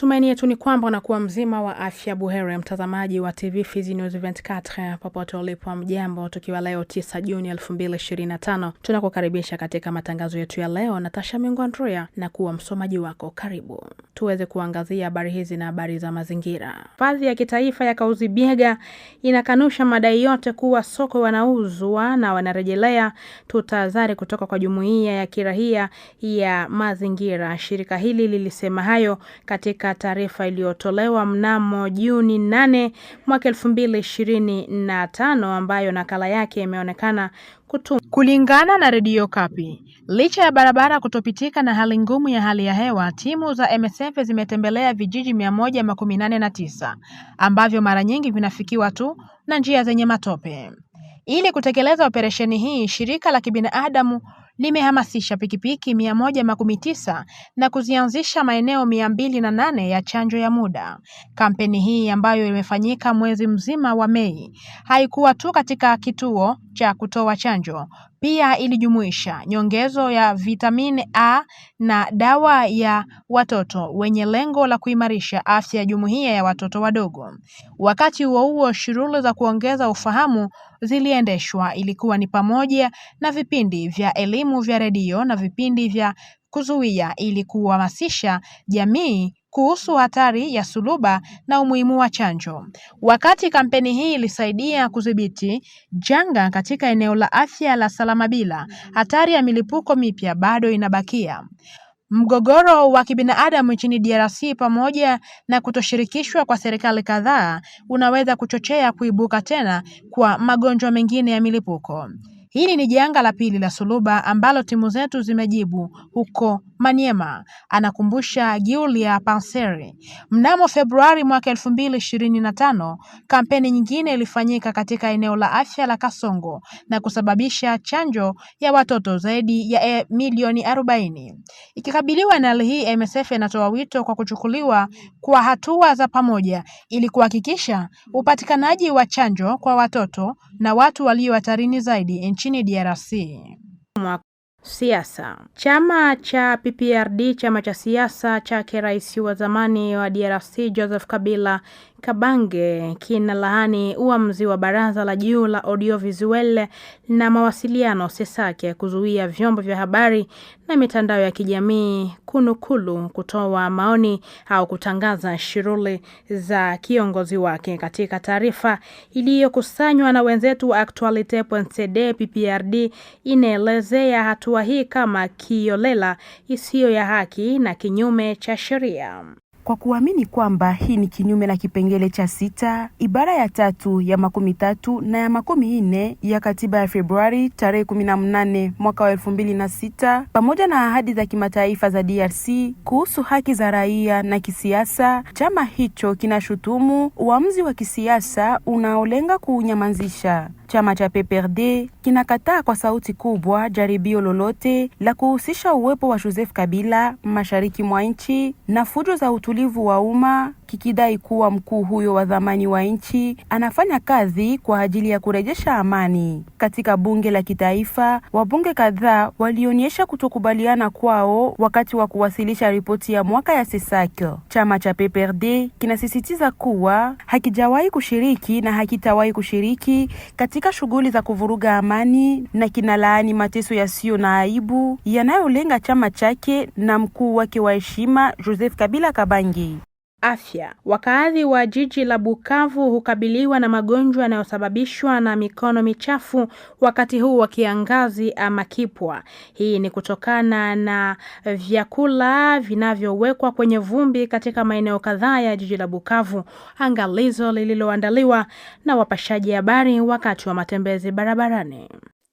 Matumaini yetu ni kwamba unakuwa mzima wa afya buhere, mtazamaji wa TV Fizi News 24 popote ulipo, mjambo. Tukiwa leo 9 Juni 2025, tunakukaribisha katika matangazo yetu ya leo. Natasha Mingo Andrea na kuwa msomaji wako, karibu tuweze kuangazia habari hizi na habari za mazingira. Hifadhi ya kitaifa ya biega inakanusha madai yote kuwa soko wanauzwa na wanarejelea. Tutazari kutoka kwa jumuiya ya kirahia ya mazingira, shirika hili lilisema hayo katika katika taarifa iliyotolewa mnamo Juni 8 mwaka 2025 ambayo nakala yake imeonekana kutum. Kulingana na redio Kapi, licha ya barabara kutopitika na hali ngumu ya hali ya hewa, timu za MSF zimetembelea vijiji 189 ambavyo mara nyingi vinafikiwa tu na njia zenye matope. Ili kutekeleza operesheni hii, shirika la kibinadamu limehamasisha pikipiki mia moja makumi tisa na kuzianzisha maeneo mia mbili na nane ya chanjo ya muda. Kampeni hii ambayo imefanyika mwezi mzima wa Mei haikuwa tu katika kituo cha kutoa chanjo pia ilijumuisha nyongezo ya vitamini A na dawa ya watoto wenye lengo la kuimarisha afya ya jumuiya ya watoto wadogo. Wakati huo huo, shughuli za kuongeza ufahamu ziliendeshwa. Ilikuwa ni pamoja na vipindi vya elimu vya redio na vipindi vya kuzuia ili kuhamasisha jamii kuhusu hatari ya suluba na umuhimu wa chanjo. Wakati kampeni hii ilisaidia kudhibiti janga katika eneo la afya la Salamabila, hatari ya milipuko mipya bado inabakia. Mgogoro wa kibinadamu nchini DRC pamoja na kutoshirikishwa kwa serikali kadhaa unaweza kuchochea kuibuka tena kwa magonjwa mengine ya milipuko. Hili ni janga la pili la suluba ambalo timu zetu zimejibu huko Manyema anakumbusha Julia Panseri. Mnamo Februari mwaka 2025, kampeni nyingine ilifanyika katika eneo la afya la Kasongo na kusababisha chanjo ya watoto zaidi ya eh, milioni 40. Ikikabiliwa na hali hii, MSF inatoa wito kwa kuchukuliwa kwa hatua za pamoja ili kuhakikisha upatikanaji wa chanjo kwa watoto na watu walio hatarini zaidi nchini DRC. Siasa. Chama cha PPRD, chama cha siasa chake rais wa zamani wa DRC Joseph Kabila Kabange kinalaani uamuzi wa Baraza la Juu la Audiovisuel na Mawasiliano Sesake kuzuia vyombo vya habari na mitandao ya kijamii kunukulu, kutoa maoni au kutangaza shughuli za kiongozi wake. Katika taarifa iliyokusanywa na wenzetu wa Actualite.cd, PPRD inaelezea hatua hii kama kiolela, isiyo ya haki na kinyume cha sheria kwa kuamini kwamba hii ni kinyume na kipengele cha sita ibara ya tatu ya makumi tatu na ya makumi nne ya katiba ya Februari tarehe 18 mwaka wa sita pamoja na ahadi za kimataifa za DRC kuhusu haki za raia na kisiasa. Chama hicho kinashutumu uamuzi wa kisiasa unaolenga kuunyamazisha Chama cha PPRD kinakataa kwa sauti kubwa jaribio lolote la kuhusisha uwepo wa Joseph Kabila mashariki mwa nchi na fujo za utulivu wa umma kikidai kuwa mkuu huyo wa zamani wa nchi anafanya kazi kwa ajili ya kurejesha amani. Katika bunge la kitaifa, wabunge kadhaa walionyesha kutokubaliana kwao wakati wa kuwasilisha ripoti ya mwaka ya Sesake. Chama cha PPRD kinasisitiza kuwa hakijawahi kushiriki na hakitawahi kushiriki katika shughuli za kuvuruga amani na kinalaani mateso yasiyo na aibu yanayolenga chama chake na mkuu wake wa heshima Joseph Kabila Kabangi afya. wakaadhi wa jiji la Bukavu hukabiliwa na magonjwa yanayosababishwa na mikono michafu wakati huu wa kiangazi ama kipwa. Hii ni kutokana na vyakula vinavyowekwa kwenye vumbi katika maeneo kadhaa ya jiji la Bukavu. Angalizo lililoandaliwa na wapashaji habari wakati wa matembezi barabarani.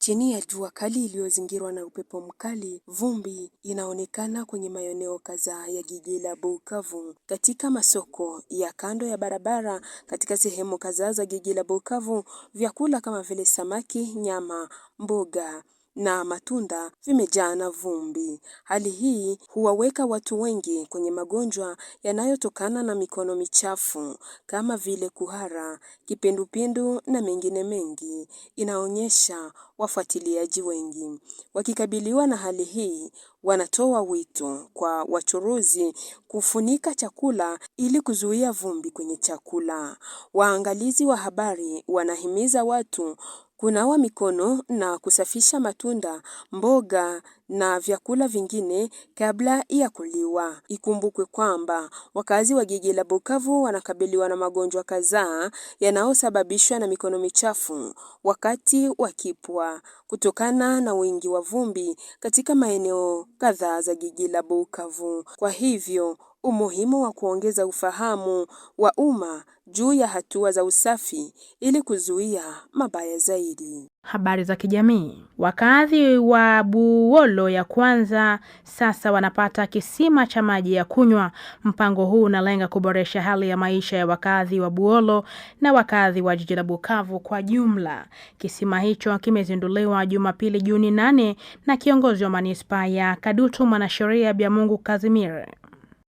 Chini ya jua kali iliyozingirwa na upepo mkali, vumbi inaonekana kwenye maeneo kadhaa ya jiji la Bukavu. Katika masoko ya kando ya barabara, katika sehemu kadhaa za jiji la Bukavu, vyakula kama vile samaki, nyama, mboga na matunda vimejaa vumbi. Hali hii huwaweka watu wengi kwenye magonjwa yanayotokana na mikono michafu kama vile kuhara, kipindupindu na mengine mengi. Inaonyesha wafuatiliaji wengi wakikabiliwa na hali hii, wanatoa wito kwa wachuruzi kufunika chakula ili kuzuia vumbi kwenye chakula. Waangalizi wa habari wanahimiza watu Kunawa mikono na kusafisha matunda, mboga na vyakula vingine kabla ya kuliwa. Ikumbukwe kwamba wakazi wa jiji la Bukavu wanakabiliwa na magonjwa kadhaa yanayosababishwa na mikono michafu wakati wa kipwa, kutokana na wingi wa vumbi katika maeneo kadhaa za jiji la Bukavu. Kwa hivyo umuhimu wa kuongeza ufahamu wa umma juu ya hatua za usafi ili kuzuia mabaya zaidi. Habari za kijamii. Wakazi wa Buwolo ya kwanza sasa wanapata kisima cha maji ya kunywa. Mpango huu unalenga kuboresha hali ya maisha ya wakazi wa Buwolo na wakazi wa jiji la Bukavu kwa jumla. Kisima hicho kimezinduliwa Jumapili Juni nane na kiongozi wa manispaa ya Kadutu, mwanasheria biamungu Kazimir.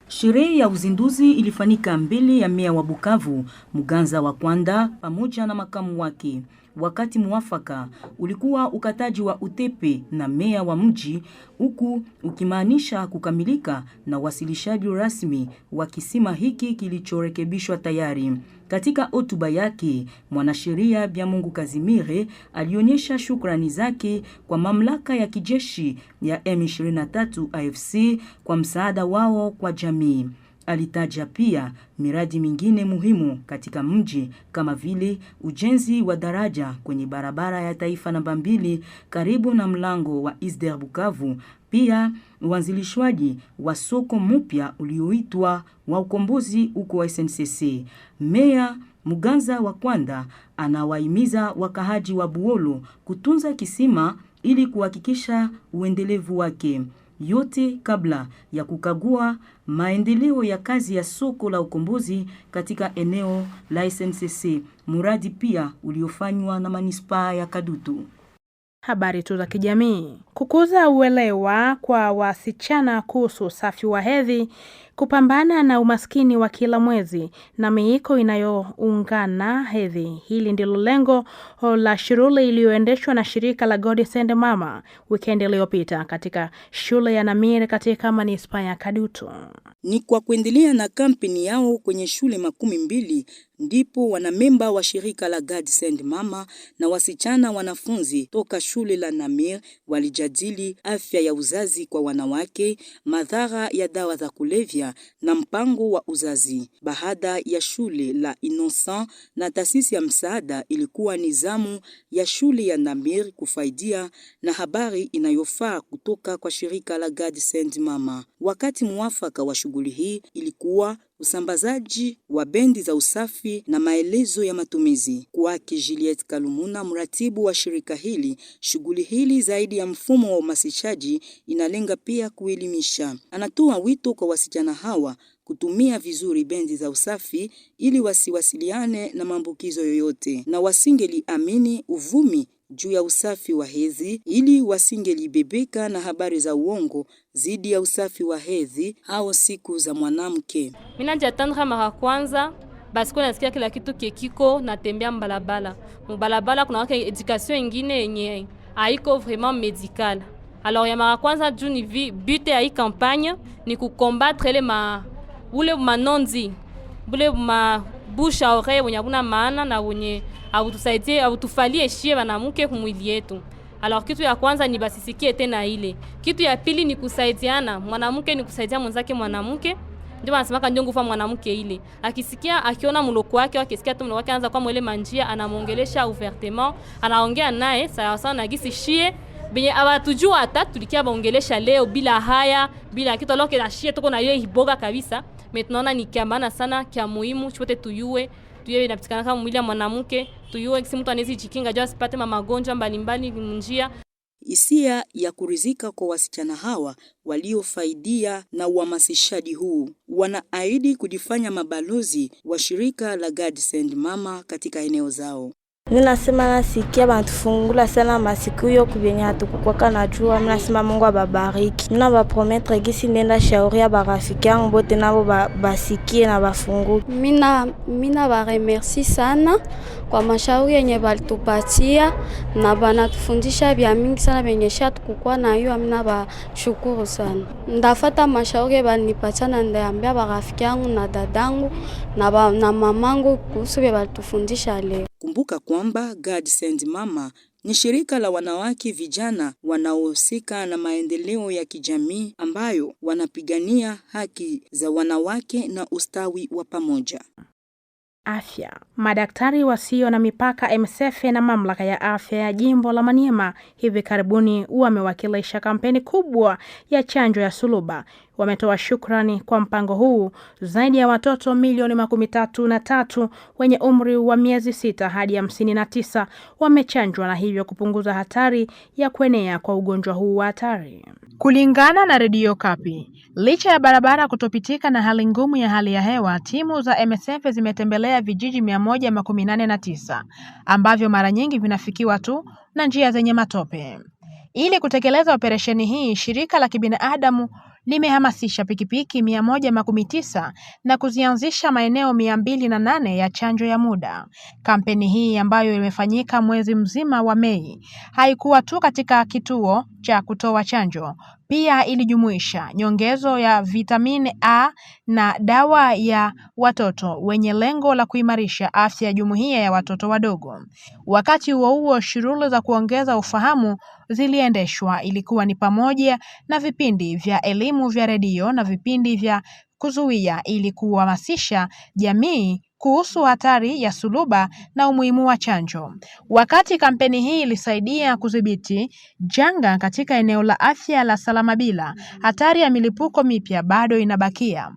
Sherehe ya uzinduzi ilifanyika mbele ya meya wa Bukavu Muganza wa Kwanda pamoja na makamu wake. Wakati muafaka ulikuwa ukataji wa utepe na meya wa mji, huku ukimaanisha kukamilika na wasilishaji rasmi wa kisima hiki kilichorekebishwa tayari. Katika hotuba yake, mwanasheria Byamungu Kazimire alionyesha shukrani zake kwa mamlaka ya kijeshi ya M23 AFC kwa msaada wao kwa jamii. Alitaja pia miradi mingine muhimu katika mji kama vile ujenzi wa daraja kwenye barabara ya taifa namba mbili karibu na mlango wa Isder Bukavu pia uanzilishwaji wa soko mpya ulioitwa wa ukombozi huko SNCC. Meya Muganza wa Kwanda anawahimiza wakahaji wa Buolo kutunza kisima ili kuhakikisha uendelevu wake yote kabla ya kukagua maendeleo ya kazi ya soko la ukombozi katika eneo la SNCC, muradi pia uliofanywa na manispaa ya Kadutu habari tu za kijamii, kukuza uelewa kwa wasichana kuhusu usafi wa hedhi kupambana na umaskini wa kila mwezi na miiko inayoungana hedhi. Hili ndilo lengo la shughuli iliyoendeshwa na shirika la God Send Mama wikendi iliyopita katika shule ya namir katika manispaa ya Kadutu. Ni kwa kuendelea na kampeni yao kwenye shule makumi mbili ndipo wanamemba wa shirika la God Send Mama na wasichana wanafunzi toka shule la Namir walijadili afya ya uzazi kwa wanawake, madhara ya dawa za kulevya na mpango wa uzazi. Baada ya shule la Innocent na taasisi ya msaada, ilikuwa nizamu ya shule ya Namir kufaidia na habari inayofaa kutoka kwa shirika la God Send Mama. Wakati mwafaka wa shughuli hii ilikuwa usambazaji wa bendi za usafi na maelezo ya matumizi. Kwake Juliet Kalumuna, mratibu wa shirika hili, shughuli hili zaidi ya mfumo wa uhamasishaji inalenga pia kuelimisha. Anatoa wito kwa wasichana hawa kutumia vizuri bendi za usafi ili wasiwasiliane na maambukizo yoyote na wasingeliamini uvumi juu ya usafi wa hedhi ili wasingelibebeka na habari za uongo zidi ya usafi wa hedhi au siku za mwanamke. Mimi najatandra mara kwanza basi kwa nasikia kila kitu kekiko, natembea mbalabala mbalabala, kuna wake education ingine yenye haiko vraiment medical. Alors ya mara kwanza juu ni vi bute ya hii campagne ni kukombatre ile ma ule manonzi ule ma busha oreye wenye hakuna maana na wenye autusaidie autufalie shie wanamuke kumwili yetu. Alors kitu ya kwanza ni basisikie tena ile. Kitu ya pili ni kusaidiana, mwanamke ni kusaidia mwenzake mwanamke. Ndio anasemaka ndio nguvu mwanamke ile. Akisikia akiona mloko wake, akisikia tu mloko wake anaanza kwa mwele manjia, anamuongelesha ouvertement, anaongea naye sawa sawa na gisi shie benye abatujua hata tulikia baongelesha leo bila haya bila kitu aloke na shie tuko na ile iboga kabisa me tunaona ni kia maana sana, kia muhimu, chote tuyue tuyue inapatikana kama mwili ya mwanamke, tuyue kisi mtu anaweza jikinga jua asipate magonjwa mbalimbali njia hisia ya kuridhika kwa wasichana hawa waliofaidia na uhamasishaji huu, wanaahidi kujifanya mabalozi wa shirika la Send Mama katika eneo zao. Minasema nasikia bantu fungula sana masiku yo kubenya hatukukwaka na jua. Minasema Mungu ababariki, mina baprometre gisi ndenda ya barafiki yangu bote nabo basikie na bafunguke. Mina, mina baremersi sana kwa mashauri yenye walitupatia na banatufundisha vya mingi sana venye shatukukwa na hiyo amina, bashukuru sana. Ndafata mashauri banipatia na ndaambia barafiki yangu na dadangu na, ba, na mamangu kuhusu vya walitufundisha leo. Kumbuka kwamba God Send Mama ni shirika la wanawake vijana wanaohusika na maendeleo ya kijamii ambayo wanapigania haki za wanawake na ustawi wa pamoja afya. Madaktari wasio na mipaka MSF na mamlaka ya afya ya jimbo la Maniema hivi karibuni wamewakilisha kampeni kubwa ya chanjo ya suluba. Wametoa shukrani kwa mpango huu. Zaidi ya watoto milioni makumi tatu na tatu wenye umri wa miezi sita hadi hamsini na tisa wamechanjwa na hivyo kupunguza hatari ya kuenea kwa ugonjwa huu wa hatari. Kulingana na Redio Kapi, licha ya barabara kutopitika na hali ngumu ya hali ya hewa, timu za MSF zimetembelea vijiji tisa ambavyo mara nyingi vinafikiwa tu na njia zenye matope. Ili kutekeleza operesheni hii, shirika la kibinadamu limehamasisha pikipiki tisa na kuzianzisha maeneo na nane ya chanjo ya muda. Kampeni hii ambayo imefanyika mwezi mzima wa Mei haikuwa tu katika kituo cha kutoa chanjo. Pia ilijumuisha nyongezo ya vitamini A na dawa ya watoto wenye lengo la kuimarisha afya ya jumuiya ya watoto wadogo. Wakati huo huo, shughuli za kuongeza ufahamu ziliendeshwa. Ilikuwa ni pamoja na vipindi vya elimu vya redio na vipindi vya kuzuia ili kuhamasisha jamii kuhusu hatari ya suluba na umuhimu wa chanjo. Wakati kampeni hii ilisaidia kudhibiti janga katika eneo la afya la Salamabila, hatari ya milipuko mipya bado inabakia.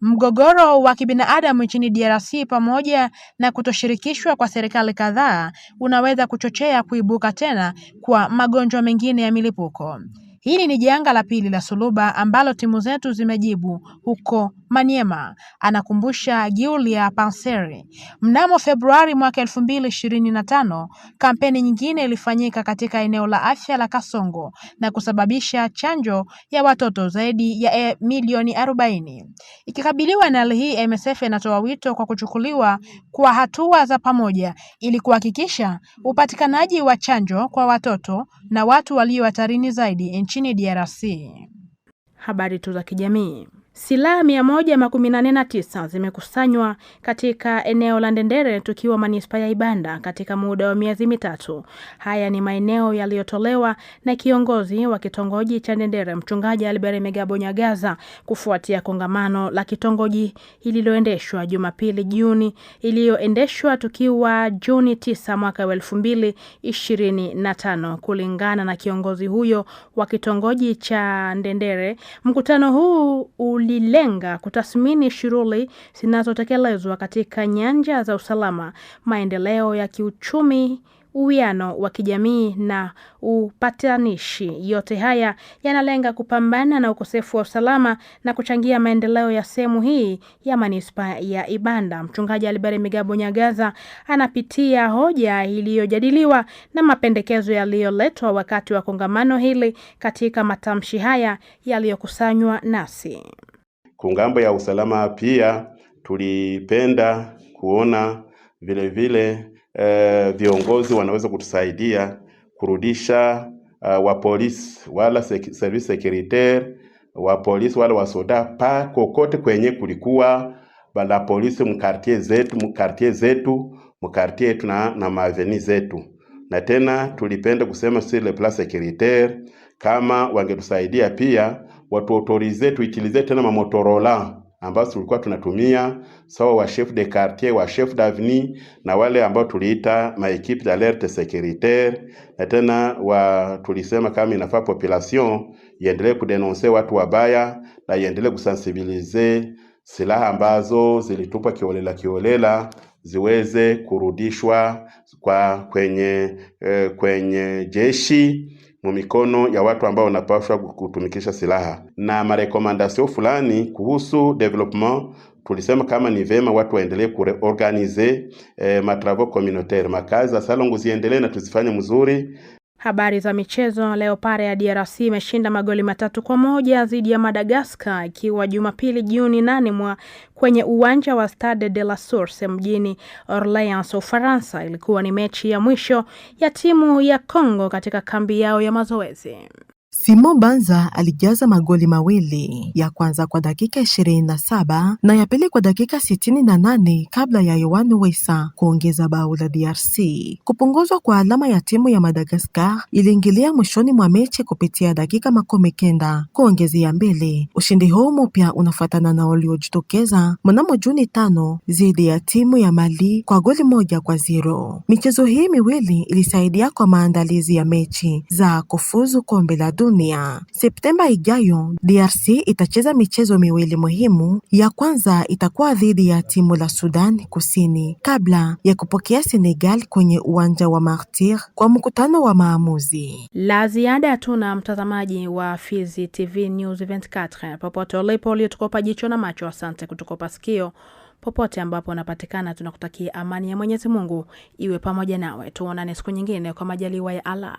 Mgogoro wa kibinadamu nchini DRC pamoja na kutoshirikishwa kwa serikali kadhaa unaweza kuchochea kuibuka tena kwa magonjwa mengine ya milipuko. Hili ni janga la pili la suluba ambalo timu zetu zimejibu huko Manyema anakumbusha Julia Panseri. Mnamo Februari mwaka 2025, kampeni nyingine ilifanyika katika eneo la afya la Kasongo na kusababisha chanjo ya watoto zaidi ya e milioni 40. Ikikabiliwa na hali hii, MSF inatoa wito kwa kuchukuliwa kwa hatua za pamoja ili kuhakikisha upatikanaji wa chanjo kwa watoto na watu walio hatarini zaidi nchini DRC. Habari tu za kijamii. Silaha 189 zimekusanywa katika eneo la Ndendere tukiwa manispaa ya Ibanda katika muda wa miezi mitatu. Haya ni maeneo yaliyotolewa na kiongozi wa kitongoji cha Ndendere Mchungaji Albert Megabo Nyagaza kufuatia kongamano la kitongoji ililoendeshwa Jumapili Juni iliyoendeshwa tukiwa Juni 9 mwaka wa 2025. Kulingana na kiongozi huyo wa kitongoji cha Ndendere, mkutano huu ulilenga kutathmini shughuli zinazotekelezwa katika nyanja za usalama, maendeleo ya kiuchumi, uwiano wa kijamii na upatanishi. Yote haya yanalenga kupambana na ukosefu wa usalama na kuchangia maendeleo ya sehemu hii ya manispaa ya Ibanda. Mchungaji Alibari Migabo Nyagaza anapitia hoja iliyojadiliwa na mapendekezo yaliyoletwa wakati wa kongamano hili katika matamshi haya yaliyokusanywa nasi. Kungambo ya usalama pia tulipenda kuona vile vile e, viongozi wanaweza kutusaidia kurudisha uh, eh, wapolisi wala sek service securitaire wapolisi wala wasoda pa kokote kwenye kulikuwa bala polisi mkartie zetu mkartie zetu mkartie yetu na, na maveni zetu. Na tena tulipenda kusema sile le plan kama wangetusaidia pia watu autorize tuitilize tena mamotorola ambazo tulikuwa tunatumia sawa, wa chef de quartier wa chef d'avenue na wale ambao tuliita ma equipe d'alerte securitaire, na tena wa tulisema kama inafaa population iendelee kudenonse watu wabaya na iendelee kusensibilize silaha ambazo zilitupwa kiolela kiolela ziweze kurudishwa kwa kwenye, eh, kwenye jeshi mumikono ya watu ambao wanapaswa kutumikisha silaha, na marekomandasio fulani kuhusu development tulisema kama ni vema watu waendelee kureorganize eh, matravau communautaire, makazi za salongo ziendelee na tuzifanye mzuri. Habari za michezo leo, pare ya DRC imeshinda magoli matatu kwa moja dhidi ya Madagascar ikiwa Jumapili Juni nane mwa kwenye uwanja wa Stade de la Source mjini Orleans, Ufaransa. Ilikuwa ni mechi ya mwisho ya timu ya Congo katika kambi yao ya mazoezi. Simon Banza alijaza magoli mawili, ya kwanza kwa dakika 27 na ya pili kwa dakika 68 kabla ya Yoan Wesa kuongeza bao la DRC. Kupunguzwa kwa alama ya timu ya madagascar iliingilia mwishoni mwa mechi kupitia dakika makumi kenda kuongezea mbele. Ushindi huu mpya unafuatana na uliojitokeza mnamo Juni tano dhidi ya timu ya Mali kwa goli moja kwa zero. Michezo hii miwili ilisaidia kwa maandalizi ya mechi za kufuzu kombe la dunia Dunia. Septemba ijayo DRC itacheza michezo miwili muhimu. Ya kwanza itakuwa dhidi ya timu la Sudan Kusini kabla ya kupokea Senegal kwenye uwanja wa martir kwa mkutano wa maamuzi. La ziada hatuna, mtazamaji wa Fizi TV News 24 popote ulipo, uliotukopa jicho na macho, asante kutukopa sikio popote ambapo unapatikana, tunakutakia amani ya Mwenyezi Mungu iwe pamoja nawe. Tuonane siku nyingine kwa majaliwa ya Allah.